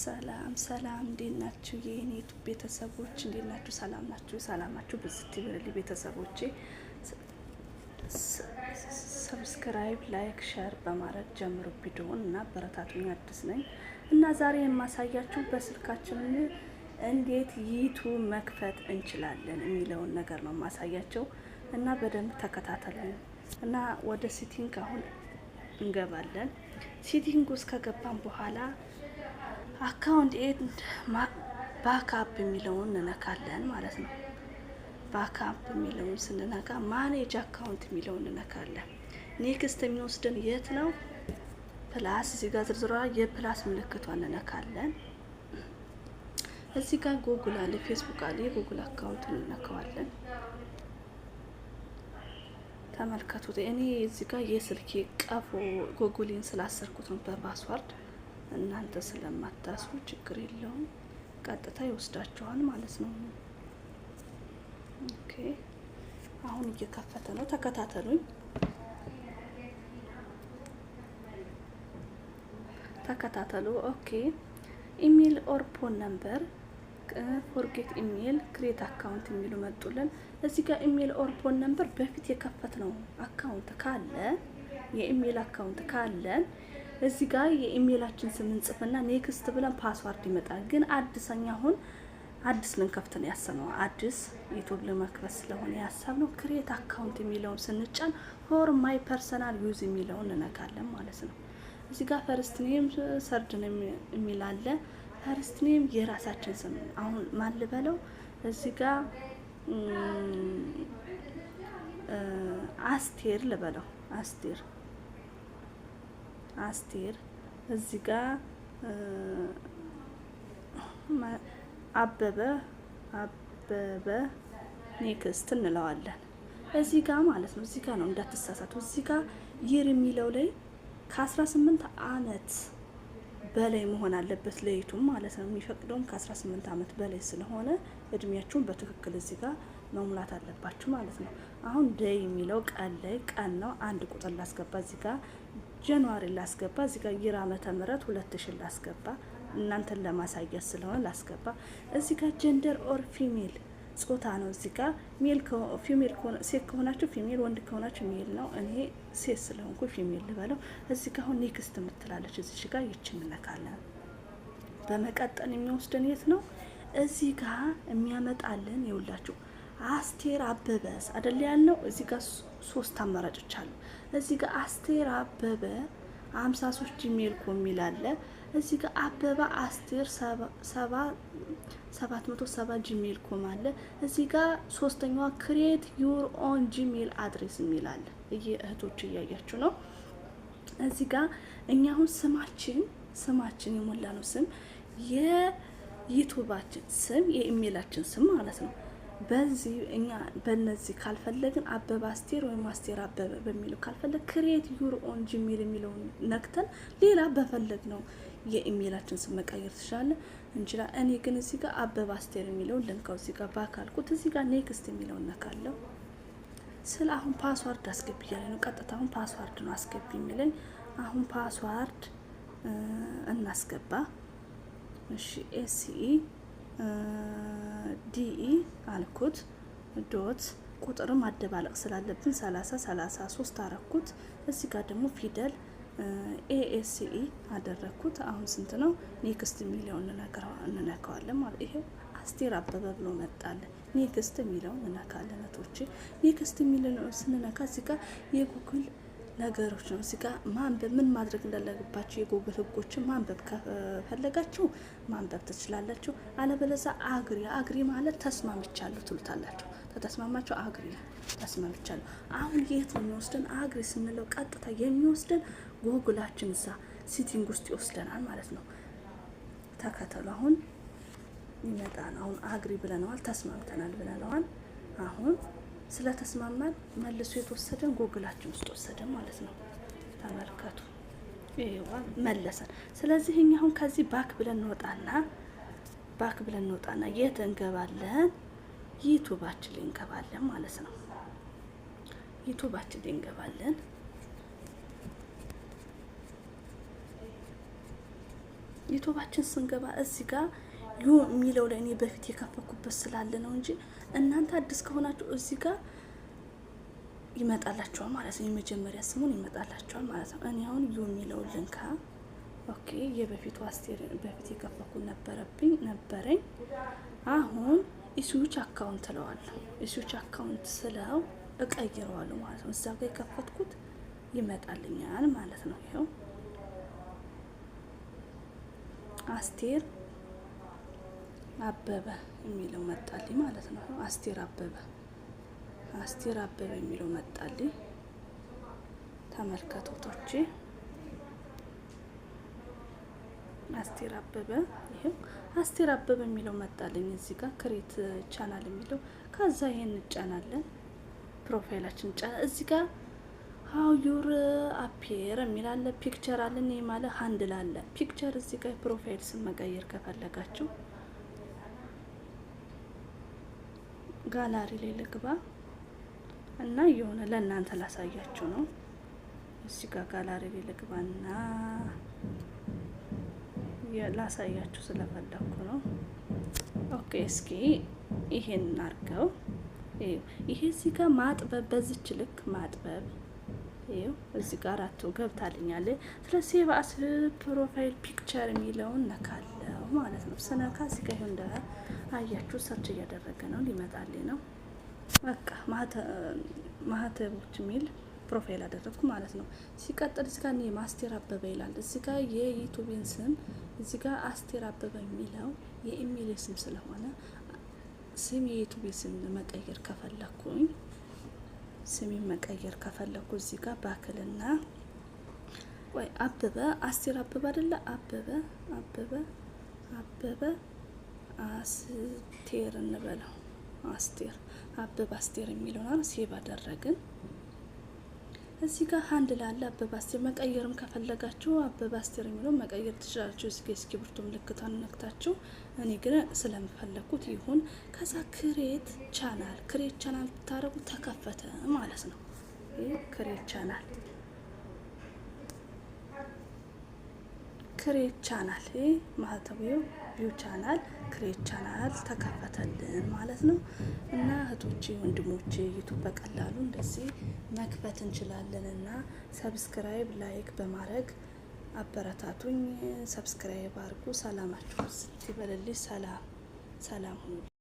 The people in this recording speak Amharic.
ሰላም ሰላም፣ እንዴት ናችሁ? የኔ ቤተሰቦች እንዴት ናችሁ? ሰላም ናችሁ? ሰላም ናችሁ? ብዝት ይበል ቤተሰቦቼ። ሰብስክራይብ፣ ላይክ፣ ሸር በማድረግ ጀምሩ ቪዲዮውን እና በረታቱኝ። አዲስ ነኝ እና ዛሬ የማሳያችሁ በስልካችን እንዴት ዩቱብ መክፈት እንችላለን የሚለውን ነገር ነው የማሳያቸው እና በደንብ ተከታተልን እና ወደ ሲቲንግ አሁን እንገባለን። ሲቲንግ ውስጥ ከገባን በኋላ አካውንት ኤድ ባክአፕ የሚለውን እንነካለን ማለት ነው። ባክአፕ የሚለውን ስንነካ ማኔጅ አካውንት የሚለውን እንነካለን። ኔክስት የሚወስደን የት ነው? ፕላስ እዚህ ጋር ዝርዝሯ የፕላስ ምልክቷ እንነካለን። እዚህ ጋር ጉግል አለ፣ ፌስቡክ አለ። የጉግል አካውንት እንነካዋለን። ተመልከቱት። እኔ እዚህ ጋር የስልኬ ቀፎ ጉግሊን ስላሰርኩት ነው በፓስዋርድ እናንተ ስለማታስቡ ችግር የለውም። ቀጥታ ይወስዳችኋል ማለት ነው። ኦኬ አሁን እየከፈተ ነው። ተከታተሉኝ፣ ተከታተሉ። ኦኬ ኢሜል ኦር ፎን ነምበር ፎርጌት ኢሜል ክሬት አካውንት የሚሉ መጡልን። እዚህ ጋር ኢሜል ኦር ፎን ነምበር በፊት የከፈት ነው አካውንት ካለ የኢሜል አካውንት ካለን እዚህ ጋር የኢሜይላችን ስም እንጽፍና ኔክስት ብለን ፓስዋርድ ይመጣል። ግን አዲሰኛ አሁን አዲስ ልንከፍት ነው ያሰብነው። አዲስ ዩቱብ ለመክፈት ስለሆነ ያሰብነው ክሬት አካውንት የሚለውን ስንጫን ፎር ማይ ፐርሰናል ዩዝ የሚለውን እንነካለን ማለት ነው። እዚህ ጋር ፈርስት ኔም ሰርድ ኔም የሚላለ ፈርስት ኔም የራሳችን ስም አሁን ማን ልበለው እዚህ ጋር አስቴር ልበለው አስቴር አስቴር እዚህ ጋ አበበ አበበ ኔክስት እንለዋለን። እዚህ ጋ ማለት ነው። እዚህ ጋ ነው እንዳትሳሳቱ። እዚህ ጋ ይር የሚለው ላይ ከ18 ዓመት በላይ መሆን አለበት። ለይቱም ማለት ነው የሚፈቅደውም ከ18 ዓመት በላይ ስለሆነ እድሜያችሁን በትክክል እዚህ ጋር መሙላት አለባችሁ ማለት ነው። አሁን ደይ የሚለው ቀን ላይ ቀን ነው። አንድ ቁጥር ላስገባ እዚህ ጋር ጃንዋሪ ላስገባ እዚህ ጋር ይር አመተ ምህረት ሁለት ሺ ላስገባ እናንተን ለማሳየት ስለሆነ ላስገባ። እዚህ ጋር ጀንደር ኦር ፊሜል ጾታ ነው። እዚህ ጋር ሜል ፊሜል ሴት ከሆናችሁ ፊሜል፣ ወንድ ከሆናችሁ ሜል ነው። እኔ ሴት ስለሆንኩ ፊሜል ልበለው። እዚህ ጋር አሁን ኔክስት የምትላለች እዚች ጋር ይች እንነካለን። በመቀጠል የሚወስደን የት ነው? እዚህ ጋር የሚያመጣልን የውላችሁ አስቴር አበበስ አደለ ያልነው እዚህ ጋር ሶስት አማራጮች አሉ። እዚህ ጋር አስቴር አበበ አምሳ ሶስት ጂሜል ኮም ይላለ። እዚህ ጋር አበባ አስቴር ሰባ ሰባት መቶ ሰባ ጂሜል ኮም አለ። እዚህ ጋር ሶስተኛዋ ክሬት ዩር ኦን ጂሜል አድሬስ የሚላለ። እየ እህቶች እያያችሁ ነው። እዚህ ጋር እኛ አሁን ስማችን ስማችን የሞላ ነው ስም የዩቱባችን ስም የኢሜላችን ስም ማለት ነው። በዚህ እኛ በነዚህ ካልፈለግን አበበ አስቴር ወይም አስቴር አበበ በሚለው ካልፈለግ ክሬት ዩር ኦን ጂሜል የሚለውን ነክተን ሌላ በፈለግ ነው የኢሜላችን ስም መቀየር ትችላለን እንችላ። እኔ ግን እዚህ ጋር አበበ አስቴር የሚለውን ልንካው። እዚህ ጋር ባካልኩት እዚህ ጋር ኔክስት የሚለውን ነካለው። ስለ አሁን ፓስዋርድ አስገቢ እያለ ነው። ቀጥታ አሁን ፓስዋርድ ነው አስገቢ የሚለኝ። አሁን ፓስዋርድ እናስገባ። እሺ ኤስኢ ዲኢ አልኩት ዶት ቁጥር ማደባለቅ ስላለብን 30 33 አረኩት። እዚህ ጋር ደግሞ ፊደል ኤኤስኢ አደረግኩት። አሁን ስንት ነው? ኔክስት የሚለውን እንነካዋለን ማለት ይሄው አስቴር አበበ ብሎ መጣለ። ኔክስት የሚለውን እንነካለን። ቶቼ ኔክስት የሚለውን ስንነካ እዚህ ጋር የጉግል ነገሮች ነው። እዚጋ ማንበብ ምን ማድረግ እንዳለባቸው የጎግል ህጎችን ማንበብ ከፈለጋችሁ ማንበብ ትችላላችሁ። አለበለዛ አግሪ አግሪ ማለት ተስማምቻለሁ ትሉታላችሁ። ተተስማማቸው አግሪ ተስማምቻለሁ። አሁን የት የሚወስደን? አግሪ ስንለው ቀጥታ የሚወስደን ጎግላችን እዛ ሲቲንግ ውስጥ ይወስደናል ማለት ነው። ተከተሉ። አሁን ይመጣል። አሁን አግሪ ብለነዋል፣ ተስማምተናል ብለነዋል። አሁን ስለተስማማን መልሶ የተወሰደን ጎግላችን ውስጥ ወሰደ ማለት ነው። ተመልከቱ፣ መለሰን። ስለዚህ እኛ አሁን ከዚህ ባክ ብለን እንወጣና ባክ ብለን እንወጣና የት እንገባለን? ዩቱባችን ላይ እንገባለን ማለት ነው። ዩቱባችን ላይ እንገባለን። ዩቱባችን ስንገባ እዚህ ጋር ዩ የሚለው ላይ እኔ በፊት የከፈኩበት ስላለ ነው እንጂ እናንተ አዲስ ከሆናችሁ እዚህ ጋር ይመጣላችኋል ማለት ነው። የመጀመሪያ ስሙን ይመጣላችኋል ማለት ነው። እኔ አሁን ዩ የሚለው ልንካ። ኦኬ የበፊቱ አስቴር በፊት የከፈኩ ነበረብኝ ነበረኝ። አሁን ኢስዊች አካውንት እለዋለሁ። ኢስዊች አካውንት ስለው እቀይረዋለሁ ማለት ነው። እዛ ጋር የከፈትኩት ይመጣልኛል ማለት ነው። ይኸው አስቴር አበበ የሚለው መጣልኝ ማለት ነው። አስቴር አበበ አስቴር አበበ የሚለው መጣልኝ። ተመልከቶቶች አስቴር አበበ ይሄው አስቴር አበበ የሚለው መጣልኝ። እዚህ ጋር ክሬት ቻናል የሚለው ከዛ ይሄን እንጫናለን። ፕሮፋይላችን ጫ እዚህ ጋር ሃው ዩር አፒየር የሚል አለ። ፒክቸር አለ። እኔ ማለት ሃንድል አለ። ፒክቸር እዚህ ጋር ፕሮፋይል ስም መቀየር ከፈለጋችሁ ጋላሪ ላይ ልግባ እና የሆነ ለእናንተ ላሳያችሁ ነው። እዚህ ጋር ጋላሪ ላይ እና ላሳያችሁ ስለፈለኩ ነው። ኦኬ እስኪ ይሄን አድርገው። ይሄ እዚህ ጋር ማጥበብ፣ በዚች ልክ ማጥበብ ይኸው እዚህ ጋር አቶ ገብታልኛል። ስለዚህ የባስ ፕሮፋይል ፒክቸር የሚለውን ነካለው ማለት ነው። ስነካ እዚህ ጋር ይሁን አያችሁ፣ ሰርች እያደረገ ነው። ሊመጣልኝ ነው። በቃ ማህተቦች የሚል ፕሮፋይል አደረግኩ ማለት ነው። ሲቀጥል እዚጋ እኔ ማስቴር አበበ ይላል። እዚጋ የዩቱቤን ስም እዚጋ አስቴር አበበ የሚለው የኢሜል ስም ስለሆነ ስም የዩቱቤ ስም መቀየር ከፈለግኩኝ ስሜን መቀየር ከፈለኩ እዚጋ ባክልና ወይ አበበ አስቴር አበበ አደለ አበበ አበበ አበበ አስቴር እንበለው አስቴር አበብ አስቴር የሚለውን ሴቭ አደረግን። እዚህ ጋር ሀንድ ላለ አበብ አስቴር መቀየርም ከፈለጋችሁ አበብ አስቴር የሚለው መቀየር ትችላላችሁ። እዚህ ጋር እስክሪብቶ ምልክቷን ነክታችሁ፣ እኔ ግን ስለምፈለግኩት ይሁን። ከዛ ክሬት ቻናል ክሬት ቻናል ብታደረጉ ተከፈተ ማለት ነው። ይህ ክሬት ቻናል ክሬት ቻናል ማህተቤው ቪው ቻናል ክሬት ቻናል ተከፈተልን ማለት ነው። እና እህቶቼ ወንድሞቼ ዩቱብ በቀላሉ እንደዚህ መክፈት እንችላለን እና ሰብስክራይብ ላይክ በማድረግ አበረታቱኝ። ሰብስክራይብ አድርጉ። ሰላማችሁ ስትበልልኝ ሰላም ሰላም ሁኑ።